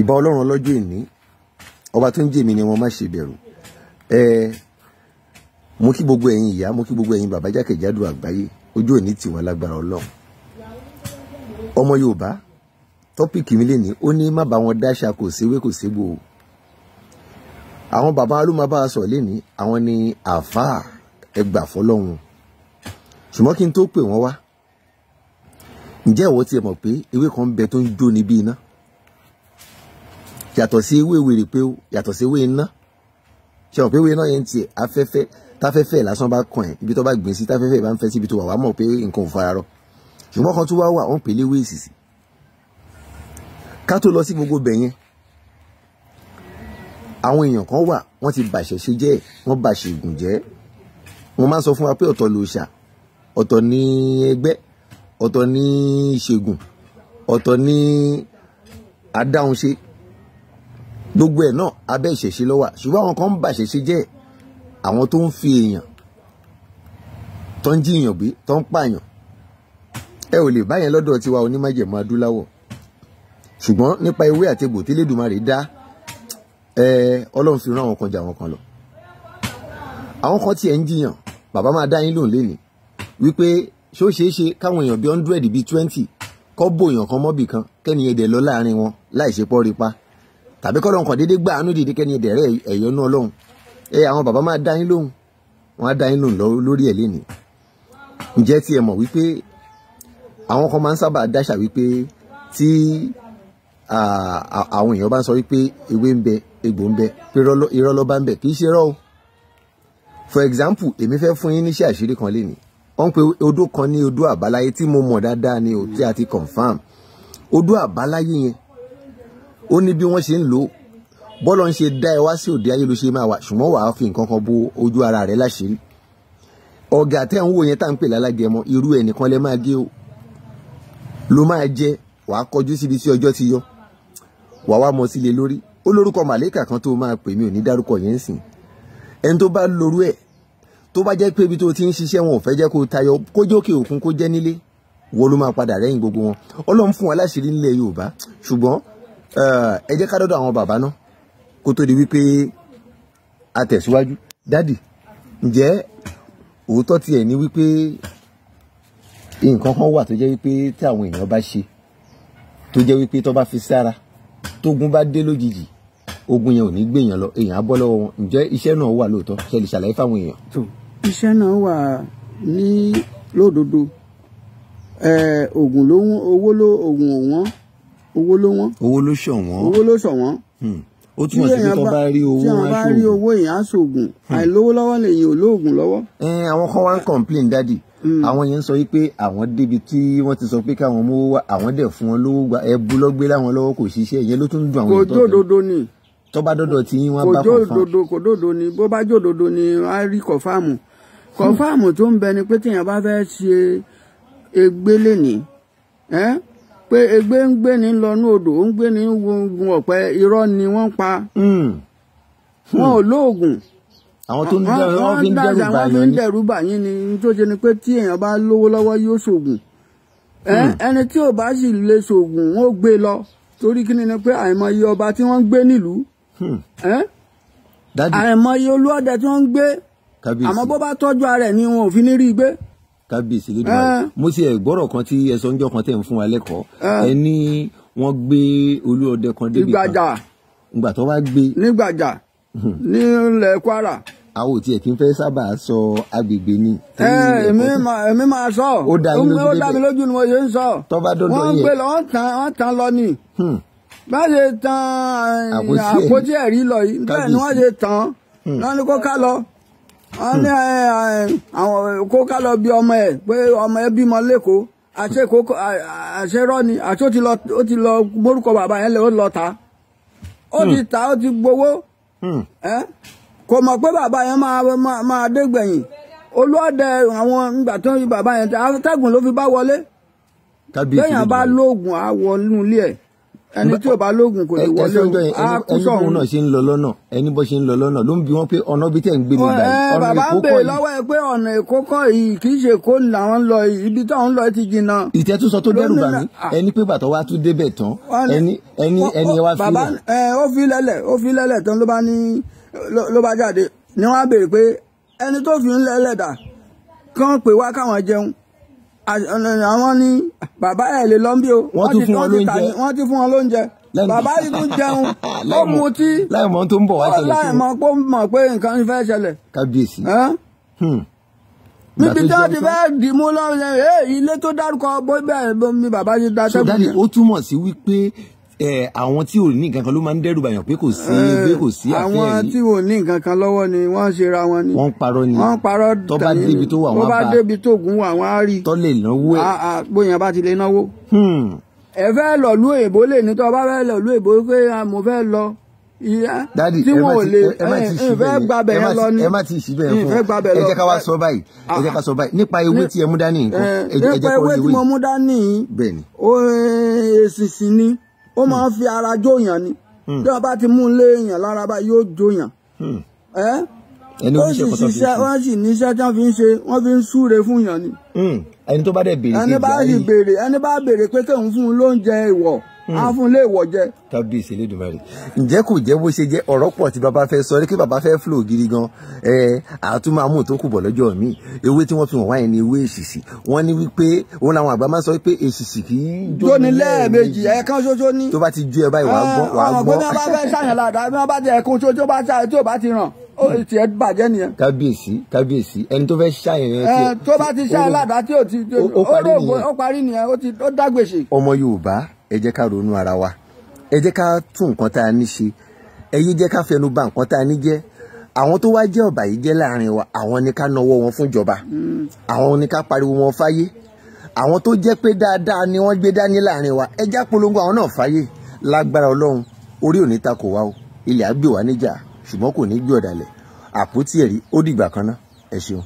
ìbá ọlọ́run ọlọ́jọ́ ìní ọba tó ń jèmi ni wọn má ṣe bẹ̀rù ẹ mo kí gbogbo ẹ̀yin ìyá mo kí gbogbo ẹ̀yin bàbá jákèjádò àgbáyé ojú òní tiwọn lágbára ọlọ́run ọmọ yorùbá tọ́pìkì mi lè ní ó ní má bá wọn dáṣà kò séwé kò ségbò o àwọn bàbá ló bá a sọ̀rọ̀ lénìí àwọn ni àáfàá ẹgbà fọlọ́run ṣùgbọ́n kí n tó pè wọ́n wá ǹjẹ́ ìwọ tiẹ̀ mọ̀ pé ewé kan ń bẹ tó ń jó ní bí iná yàtọ̀ sí ewé wèrè pé o yàtọ̀ sí ewé iná ṣe hàn pé ewé iná yẹn ń tiẹ̀ afẹ́fẹ́ táfẹ́fẹ́ lásán bá kàn ẹ́ ibi tó bá gbìn sí táfẹ́fẹ́ bá ń fẹ́ sí ibi tó wà wá mọ̀ pé nǹkan ò fara rọ ṣùgbọ́n kan tó wá wà wọ́n pèlè ewé ìsìsì ká tó lọ sí gbogbo bẹ̀ yẹn àwọn èèyàn kan wà wọ́n ti bàṣẹ̀ ṣe jẹ́ wọ́n bàṣẹ̀ ìgùn jẹ́ wọ́n máa ń sọ fún wa pé ọ̀tọ̀ lòòṣà ọ̀tọ̀ ní ẹgbẹ́ ọ̀tọ̀ ní ìṣègùn ọ̀tọ̀ ní adáhunṣe gbogbo ẹ̀ náà abẹ́ ìṣẹ̀ṣe ló wà ṣùgbọ́n àwọn kan ń bà ṣẹ̀ṣe jẹ́ àwọn tó ń fi èèyàn tó ń jiyàn gbé tó ń pààyàn ẹ ò lè báyẹn lọ́dọ̀ tiwa onímájẹ̀mọ́ adúláwọ̀ ṣùgbọ́n nípa ewé àti egbò tí Elédùmarè dá ẹ ọlọ́run fi rán àwọn kan jà àwọn kan lọ àwọn kan tiẹ̀ ń jiyàn bàbá máa dá yín lóhùn lénìí wípé ṣé ṣeé ṣe káwọn èèyàn bíi hundred bíi twenty kọ́ bòyàn kan mọ́bì kan kẹ́niyẹn dẹ̀ lọ láàrin wọn láì rí pa tàbí kọ́ lọ́nkàn déédéé gbà ánú dìde kẹ́ni ẹ̀dẹ̀rẹ́ ẹ̀yọ́nú ọlọ́run ẹ àwọn bàbá máa dá yín lóhùn wọn á dá yín lóhùn lórí ẹ̀ lénìí ǹjẹ́ tiẹ̀ mọ̀ wípé àwọn kan máa ń sábà dáṣà wípé tí àwọn èèyàn bá ń sọ wípé ewé ń bẹ egbò ń bẹ irọ́ ló bá ń bẹ kì í ṣe irọ́ o for example èmi fẹ́ fún yín níṣẹ́ àṣírí kan lénìí wọ́n pe odó kan ní odó àbáláyé tí mo mọ̀ dáadáa ni o tí a ti confam odó àbáláyé yẹn ó ní bí wọ́n ṣe ń lò ó bọ́lọ̀ ń ṣe dá ẹ wá sí òde ayé ló ṣe máa wà ṣùgbọ́n wàá fi nǹkan kan bo ojú ara rẹ láṣìírí ọ̀gá tẹ́ ń wò yẹn tá à ń pè lálágẹmọ irú ẹ̀ nìkan lẹ́ máa gé o ló máa jẹ wàá kọjú síbi tí ọjọ́ ti yọ wàá wá mọ sílé lórí ó lórúkọ màlẹ́kà kan tó máa pè mí ò ní dárúkọ yẹn sìn ẹni tó bá lorú ẹ̀ tó bá jẹ́ pé ibi tó ti ń ṣiṣẹ́ wọn ò fẹ́ jẹ́ kó tayọ kó jókè òkun kó jẹ́ nílé wọ́n ló máa padà rẹ́yìn gbogbo wọn ọlọ́run fún wa láṣìírí nílẹ̀ Yorùbá ṣùgbọ́n Eh, ẹ jẹ́ ká dọ́dọ̀ àwọn bàbá náà kó tó di wípé a tẹ̀síwájú dádì ǹjẹ́ òótọ́ tiẹ̀ ní wípé nǹkan kan wà tó jẹ́ wípé tí àwọn èèyàn bá ṣe tó jẹ́ wípé tó bá fi sára tógun bá dé lójijì ogun yẹn ò ní gbèyàn lọ èèyàn á bọ́ lọ́wọ́ wọn ǹjẹ́ iṣẹ́ náà wà lóòótọ́ ṣe lè ṣàlàyé fáwọn èèyàn. iṣẹ́ náà wà ní lódodo eh, oògùn lówó owó ló oògùn òwọ́n owó ló wọ́n. owó ló ṣọ̀wọ́n. owó ló ṣọ̀wọ́n. Hmm. ó túmọ̀ sí pé tó bá rí owó wọn aṣoògùn. tí wọ́n bá rí owó yẹn aṣoògùn hmm. àìlówó lọ́wọ́ lèyìn ò lóògùn lọ́wọ́. Eh, àwọn kan wá ń complain dádì hmm. àwọn yẹn ń sọ wípé àwọn débi tí wọ́n ti sọ pé káwọn mówó wá àwọn dẹ̀ fún wọn lówó gba ẹbu lọ́gbé láwọn lọ́wọ́ kò ṣiṣẹ́ yẹn ló tún dùn àwọn tó dodo ni tó dọ́dọ̀ tí yín wá bá kọ̀fà. kò dodo ni bó bá jò ni wọ́n á rí kọ̀fáàmù kọ̀fáàmù tó ń bẹ ni pé téèyàn bá fẹ́ ṣe egbélé ni eh? pé egbé ń gbé ní lọ́nú odò ó ń gbé ní gun ọ̀pẹ irọ́ ni wọ́n pa hmm. hmm. wọn ò lóògùn àwọn tó ń dẹrù wọn fi ń dẹrù bàyìn ni wọn fi ń dẹrù bàyìn ni tó ṣe ni pé tí èèyàn bá lówó lọ́wọ́ yóò ṣògùn hmm. ẹni tí ò bá sì lè ṣògùn wọn ò gbé e lọ torí kí ni ni pé àìmọye ọba tí wọ́n ń gbé nílùú àìmọye olúọdẹ tí wọ́n ń gbé àmọ́ bó bá tọ́jú ara ẹ̀ ni wọn ò fi ní rí i gbé kábíyèsí lédùn ààrẹ ah. mo ti ẹ̀ gbọ́rọ̀ kan tí ẹ sọ ń jọ́ kan tẹ̀ ń fún wa lẹ́kọ̀ọ́ ah. ẹ ní wọ́n gbé olúọdẹ kan débi kan ìgbàjà tó gbé. nígbàjà hmm. ní ilẹ̀ Kwara. àwọn òtí ẹ̀ kí n fẹ́ sábà sọ agbègbè ni. Eh, ẹ èmi máa sọ ó dá lójú ni mo ṣe ń sọ wọ́n gbé lọ wọ́n tán lọ ni hmm. bá ṣe tan àpótí ẹ̀rí lọ yìí bẹ́ẹ̀ ni wọ́n ṣe tán lọ́nà hmm. kó lọ. wọ́n ní àwọn kó ká lọ bí ọmọ ẹ̀ pé ọmọ ẹ̀ bímọ lẹ́kọ̀ọ́ àṣẹ kókó àṣẹ rọ́ni àṣẹ ó ti lọ mórúkọ bàbá yẹn ó lọ ó ti hmm. ta ó ti gbowó hmm. kò mọ̀ pé bàbá yẹn máa dé gbẹ̀yìn olóòdẹ àwọn ìgbà tó ń bàbá yẹn ló fi bá wọlé lóògùn ẹni tí ò bá lóògùn kò lè wọlé o á kú sọ̀run. ẹni bó náà ṣe ń lọ lọ́nà ẹni bó ṣe ń lọ lọ́nà ló ń bi wọ́n pé ọ̀nà bí tẹ̀ ń gbé nígbà yìí ọ̀nà èkó kọ́ yìí. bàbá ń bèè lọ́wọ́ ẹ pé ọ̀nà èkó kọ́ yìí kì í ṣe èkó làwọn lọ yìí ibi táwọn lọ ti jìnnà. ìtẹ́tùsọ tó dẹ́rù bà mí ẹni pé bàtọ́ wa tún débẹ̀ tán ẹni ẹni ẹni wa fi lẹ̀. ó fi lẹ́lẹ̀ ó fi lẹ́lẹ̀ tán ló bá ní ló bá jáde ni wọ́n á béèrè pé ẹni tó fi ń lẹ́lẹ̀ dà kán pè wá káwọn jẹun àwọn ní bàbá ẹ̀ lè lọ́nbí o wọ́n ti fún wọn lóúnjẹ wọ́n ti fún wọn lóúnjẹ bàbá yìí tún jẹun ó mutí láìmọ̀ tó ń bọ̀ wá ṣẹlẹ̀ sí i láìmọ̀ pé pé nǹkan fẹ́ ṣẹlẹ̀. kábíyèsí hmm. níbi tí wọ́n ti fẹ́ dì lọ́wọ́ ilé tó dárúkọ bóyá mi bàbá yìí dá sẹ́kùn. sọdá ó túmọ̀ sí wípé àwọn tí ò ní nǹkan kan ló máa ń dẹ́rù bàyàn pé kò sí eh, pé kò sí àfẹ́ yìí. àwọn tí ò ní nǹkan kan lọ́wọ́ ni wọ́n ṣe ra wọn ni. wọ́n parọ́ ni wọ́n parọ́ tani tó bá débi tó wà wọ́n bá á rí. tọ́ náwó ẹ̀. bóyá bá ti lè náwó. Hmm. ẹ fẹ́ lọ lú èbó lè ní tọ́ bá fẹ́ lọ lú èbó pé ah, mo fẹ́ lọ dadi ẹ má ti eh, ẹ má ti ṣí bẹ́ẹ̀ lọ ni ẹ má ti ṣí bẹ́ẹ̀ fún ẹ jẹ́ ká wá sọ báyìí ẹ jẹ́ ká sọ báyìí nípa ewé tí ẹ mú dání nǹkan eh, ẹ jẹ́ kó ewé nípa ewé tí mo mú dání bẹ́ẹ̀ ni èsìsì ni ó máa ń fi ara jóyàn ni hmm. bí wọ́n bá ti mú un lé èèyàn lára bá yóò jóyàn hmm. ó sì ṣiṣẹ́ wọ́n sì níṣẹ́ tí wọ́n fi ń ṣe wọ́n fi ń súre fún yàn ni. Hmm. ẹni tó bá dẹ̀ béèrè sí ìgbà yìí ẹni bá béèrè pé kéwọn fún un lóúnjẹ ìwọ̀ á hmm. fún ilé ìwọ jẹ. kábíyèsí elédùnmarè ǹjẹ́ kò jẹ́ bó ṣe jẹ́ ọ̀rọ̀ pọ̀ tí bàbá fẹ́ sọ kí bàbá fẹ́ flow gidi gan ẹ àtúmọ̀mù tó kù bọ̀ lọ́jọ́ mi ewé tí wọ́n fi wọ̀n wáyé ni ewé èṣìṣì wọ́n ní wípé òun làwọn àgbà máa sọ pé èṣìṣì kì í jóni lẹ́ẹ̀mejì ẹ̀ẹ̀kan ṣoṣo ni. tó bá ti ju ẹ báyìí wàá gbọ́ wàá gbọ́. ọmọ gbọ́dọ̀ bá fẹ́ sàyàn ládàá bí wọ́n bá ti ẹ̀kún tó tó bá tó bá ti ràn ó ti ẹ bàjẹ́ nìyẹn. kábíyèsí kábíyèsí ẹni tó fẹ́ ṣàyẹn yẹn. tó bá ti ṣàyẹn tí ó ti ó parí nìyẹn ó dàgbèsè. ọmọ Yorùbá ẹ jẹ́ ká ronú ara wa ẹ jẹ́ ká tún nǹkan tá a ní ṣe ẹ yí jẹ́ ká fẹnu bà nǹkan tá a ní jẹ́ àwọn tó wá jẹ́ ọ̀bàyéjẹ́ láàrin wa àwọn ni ká nawọ́ wọn fún ìjọba àwọn ni ká pariwo wọn fáyé àwọn tó jẹ́ pé dáadáa ni wọ́n gbé dání láàrin wa ẹ já polongo àwọn náà fáyé lágbára ọlọ́run orí òní ta kò wá o ilẹ̀ á gbé wa níjà ṣùgbọ́n kò ní gbé ọ̀dàlẹ̀ àpótí ẹ̀rí ó dìgbà kan ná ẹ ṣeun.